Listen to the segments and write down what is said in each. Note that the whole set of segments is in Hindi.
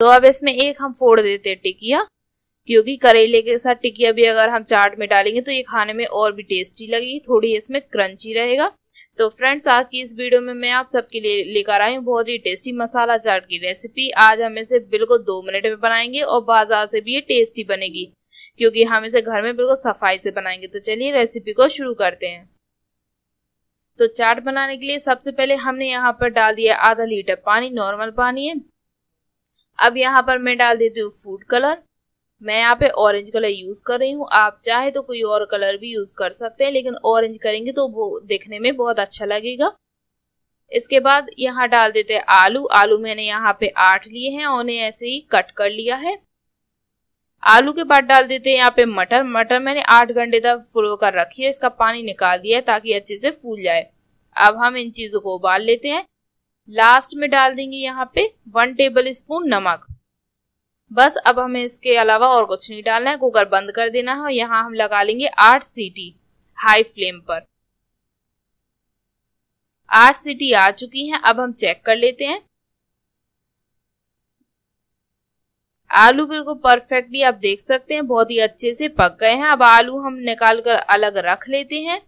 तो अब इसमें एक हम फोड़ देते हैं टिकिया क्योंकि करेले के साथ टिकिया भी अगर हम चाट में डालेंगे तो ये खाने में और भी टेस्टी लगेगी थोड़ी इसमें क्रंची रहेगा तो फ्रेंड्स आज की इस वीडियो में मैं आप सबके लिए लेकर आई हूँ बहुत ही टेस्टी मसाला चाट की रेसिपी आज हम इसे बिल्कुल दो मिनट में बनाएंगे और बाजार से भी ये टेस्टी बनेगी क्योंकि हम इसे घर में बिल्कुल सफाई से बनाएंगे तो चलिए रेसिपी को शुरू करते हैं तो चाट बनाने के लिए सबसे पहले हमने यहाँ पर डाल दिया आधा लीटर पानी नॉर्मल पानी है अब यहाँ पर मैं डाल देती हूँ फूड कलर मैं यहाँ पे ऑरेंज कलर यूज कर रही हूँ आप चाहे तो कोई और कलर भी यूज कर सकते हैं लेकिन ऑरेंज करेंगे तो वो देखने में बहुत अच्छा लगेगा इसके बाद यहाँ डाल देते हैं आलू आलू मैंने यहाँ पे आठ लिए हैं उन्हें ऐसे ही कट कर लिया है आलू के बाद डाल देते हैं यहाँ पे मटर मटर मैंने आठ घंटे तक फुलो कर रखी है इसका पानी निकाल दिया है ताकि अच्छे से फूल जाए अब हम इन चीजों को उबाल लेते हैं लास्ट में डाल देंगे यहाँ पे वन टेबल स्पून नमक बस अब हमें इसके अलावा और कुछ नहीं डालना है कुकर बंद कर देना है और यहाँ हम लगा लेंगे आठ सीटी हाई फ्लेम पर आठ सीटी आ चुकी हैं अब हम चेक कर लेते हैं आलू बिल्कुल परफेक्टली आप देख सकते हैं बहुत ही अच्छे से पक गए हैं अब आलू हम निकाल कर अलग रख लेते हैं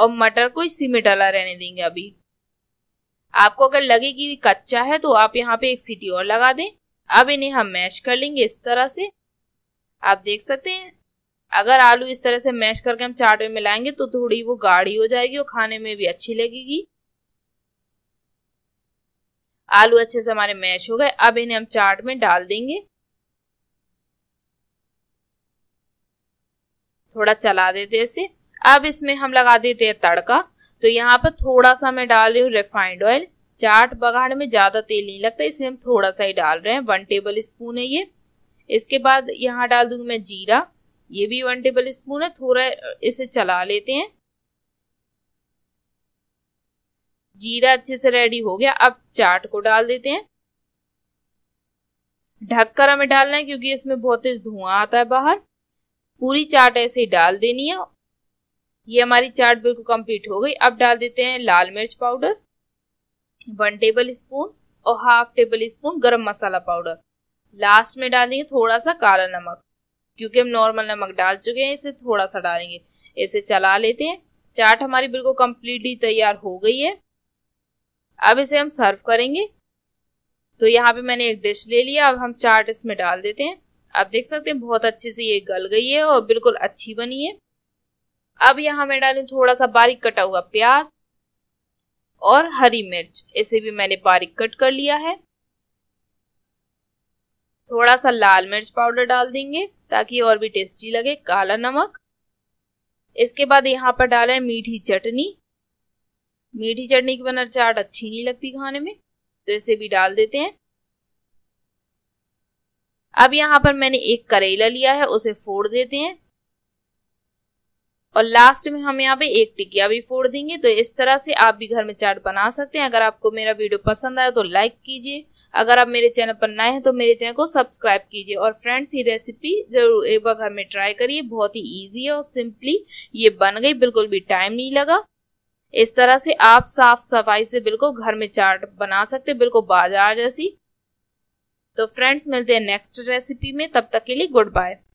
और मटर को इसी में डाला रहने देंगे अभी आपको अगर लगे कि कच्चा है तो आप यहाँ पे एक सीटी और लगा दें अब इन्हें हम मैश कर लेंगे इस तरह से आप देख सकते हैं अगर आलू इस तरह से मैश करके हम चाट में मिलाएंगे तो थोड़ी वो गाढ़ी हो जाएगी और खाने में भी अच्छी लगेगी आलू अच्छे से हमारे मैश हो गए अब इन्हें हम चाट में डाल देंगे थोड़ा चला देते इसे अब इसमें हम लगा देते हैं तड़का तो यहाँ पर थोड़ा सा मैं डाल रही हूँ रिफाइंड ऑयल चाट बगाड़ में ज़्यादा तेल नहीं लगता इसे हम थोड़ा सा ही डाल रहे हैं वन टेबल स्पून है ये इसके बाद यहाँ डाल दूंगी मैं जीरा ये भी वन टेबल स्पून है थोड़ा इसे चला लेते हैं जीरा अच्छे से रेडी हो गया अब चाट को डाल देते हैं ढककर हमें डालना है क्योंकि इसमें बहुत तेज धुआं आता है बाहर पूरी चाट ऐसे ही डाल देनी है ये हमारी चाट बिल्कुल कंप्लीट हो गई अब डाल देते हैं लाल मिर्च पाउडर वन टेबल स्पून और half tablespoon garam masala powder last में डालेंगे थोड़ा सा काला नमक क्योंकि हम नॉर्मल नमक डाल चुके हैं इसे थोड़ा सा डालेंगे इसे चला लेते हैं चाट हमारी बिल्कुल कम्प्लीटली तैयार हो गई है अब इसे हम सर्व करेंगे तो यहाँ पे मैंने एक डिश ले लिया अब हम चाट इसमें डाल देते हैं आप देख सकते हैं बहुत अच्छे से ये गल गई है और बिल्कुल अच्छी बनी है अब यहाँ मैं डालू थोड़ा सा बारीक कटा हुआ प्याज और हरी मिर्च इसे भी मैंने बारीक कट कर लिया है थोड़ा सा लाल मिर्च पाउडर डाल देंगे ताकि और भी टेस्टी लगे काला नमक इसके बाद यहाँ पर डाला है मीठी चटनी मीठी चटनी की बना चाट अच्छी नहीं लगती खाने में तो इसे भी डाल देते हैं अब यहाँ पर मैंने एक करेला लिया है उसे फोड़ देते हैं और लास्ट में हम यहाँ पे एक टिकिया भी फोड़ देंगे तो इस तरह से आप भी घर में चाट बना सकते हैं अगर आपको मेरा वीडियो पसंद आया तो लाइक कीजिए अगर आप मेरे चैनल पर नए हैं तो मेरे चैनल को सब्सक्राइब कीजिए और फ्रेंड्स ये रेसिपी जरूर एक बार घर में ट्राई करिए बहुत ही ईजी है और सिंपली ये बन गई बिल्कुल भी टाइम नहीं लगा इस तरह से आप साफ सफाई से बिल्कुल घर में चाट बना सकते बिल्कुल बाजार जैसी तो फ्रेंड्स मिलते हैं नेक्स्ट रेसिपी में तब तक के लिए गुड बाय